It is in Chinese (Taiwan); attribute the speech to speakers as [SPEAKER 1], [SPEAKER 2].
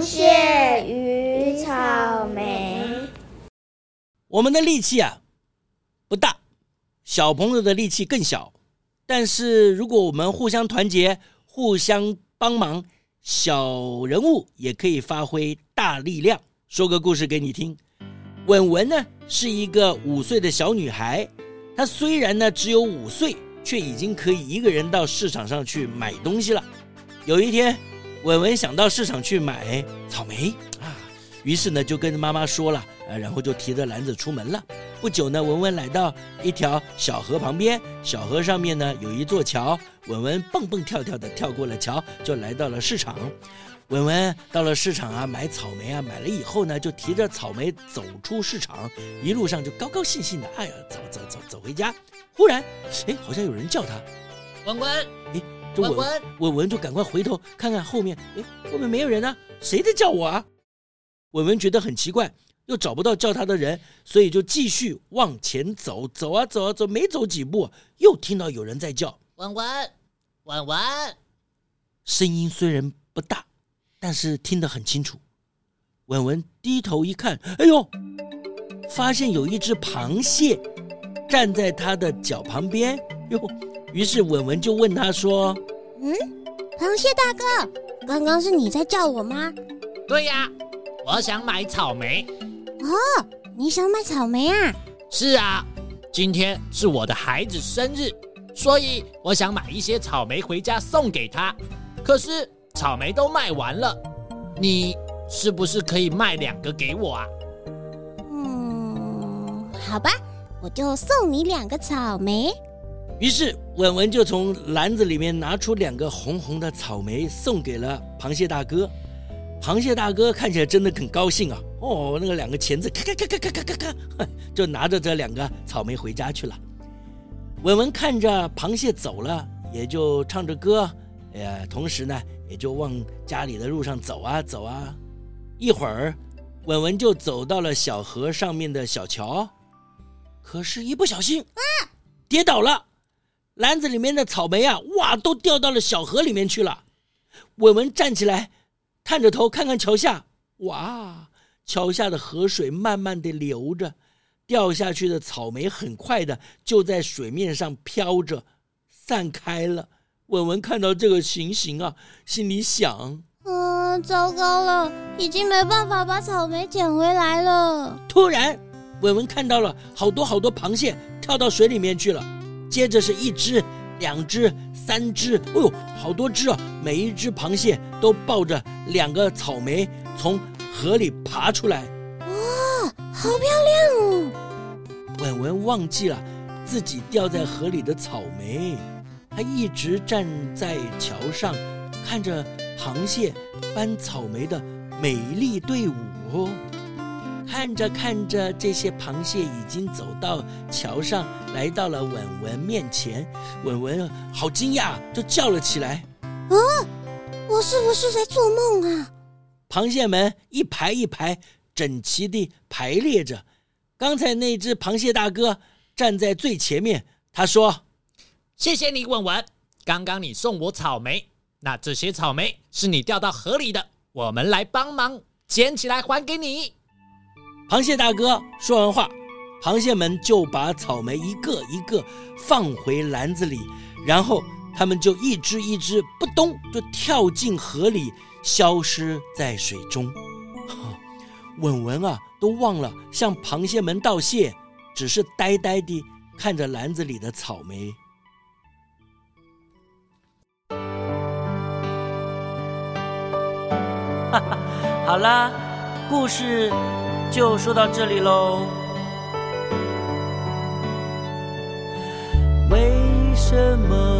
[SPEAKER 1] 蟹與草莓。我們的力氣啊，不大，小朋友的力氣更小。但是如果我們互相團結，互相幫忙，小人物也可以發揮大力量。說個故事給你聽。文文呢，是一個五歲的小女孩，她雖然呢只有五歲，卻已經可以一個人到市場上去買東西了。有一天。文文想到市場去買草莓啊，於是呢就跟着媽媽說了，啊，然後就提着籃子出門了。不久呢，文文來到一條小河旁邊，小河上面呢有一座橋，文文蹦蹦跳跳的跳過了橋，就來到了市場。文文到了市場啊，買草莓啊，買了以後呢就提着草莓走出市場，一路上就高高興興的，哎呀，走走走走回家。忽然，哎，好像有人叫他，關關冠，哎。這文文文文就趕快回頭看看後面，哎，後面沒有人呢，誰在叫我啊？文文覺得很奇怪，又找不到叫他的人，所以就繼續往前走，走啊走啊走啊走，沒走幾步，又聽到有人在叫：“文文，文文。”聲音雖然不大，但是聽得很清楚。文文低頭一看，哎呦，發現有一隻螃蟹站在他的腳旁邊，喲。於是文文就問他說：“嗯，螃蟹大哥，剛剛是你在叫我嗎？”“對呀，我想買草莓。”“哦，你想買草莓啊？”“是啊，今天是我的孩子生日，所以我想買一些草莓回家送給他。可是草莓都賣完了，你是不是可以賣兩個給我啊？”“嗯，好吧，我就送你兩個草莓。”於是文文就從籃子裡面拿出兩個紅紅的草莓，送給了螃蟹大哥。螃蟹大哥看起來真的很高興啊！哦，那個兩個鉗子咔咔咔咔咔咔咔咔，就拿着這兩個草莓回家去了。文文看着螃蟹走了，也就唱着歌，呃、哎，同時呢，也就往家裡的路上走啊走啊。一會兒，文文就走到了小河上面的小橋，可是，一不小心，啊、嗯，跌倒了。籃子裡面的草莓啊，哇，都掉到了小河裡面去了。雯雯站起來，探着頭看看橋下，哇，橋下的河水慢慢地流着，掉下去的草莓很快的就在水面上飄着，散開了。雯雯看到這個情形啊，心裡想：嗯，糟糕了，已經沒辦法把草莓撿回來了。突然，雯雯看到了好多好多螃蟹跳到水裡面去了。接着是一隻、兩隻、三隻，哦呦，好多隻啊！每一隻螃蟹都抱着兩個草莓從河裡爬出來，哇，哦，好漂亮哦！文文忘記了自己掉在河裡的草莓，她一直站在橋上看着螃蟹搬草莓的美麗隊伍，哦。看着看着，這些螃蟹已經走到橋上，來到了文文面前。文文好驚訝，就叫了起來：“啊，我是不是在做夢啊？”螃蟹們一排一排整齊地排列着，剛才那只螃蟹大哥站在最前面，他說：“謝謝你，文文。剛剛你送我草莓，那這些草莓是你掉到河裡的，我們來幫忙撿起來還給你。”螃蟹大哥說完話，螃蟹們就把草莓一個一個放回籃子裡，然後他們就一隻一隻“撲通”就跳進河裡，消失在水中。文文啊，都忘了向螃蟹們道謝，只是呆呆地看着籃子裡的草莓。哈哈， 好啦，故事就說到這裡嘍。為什麼？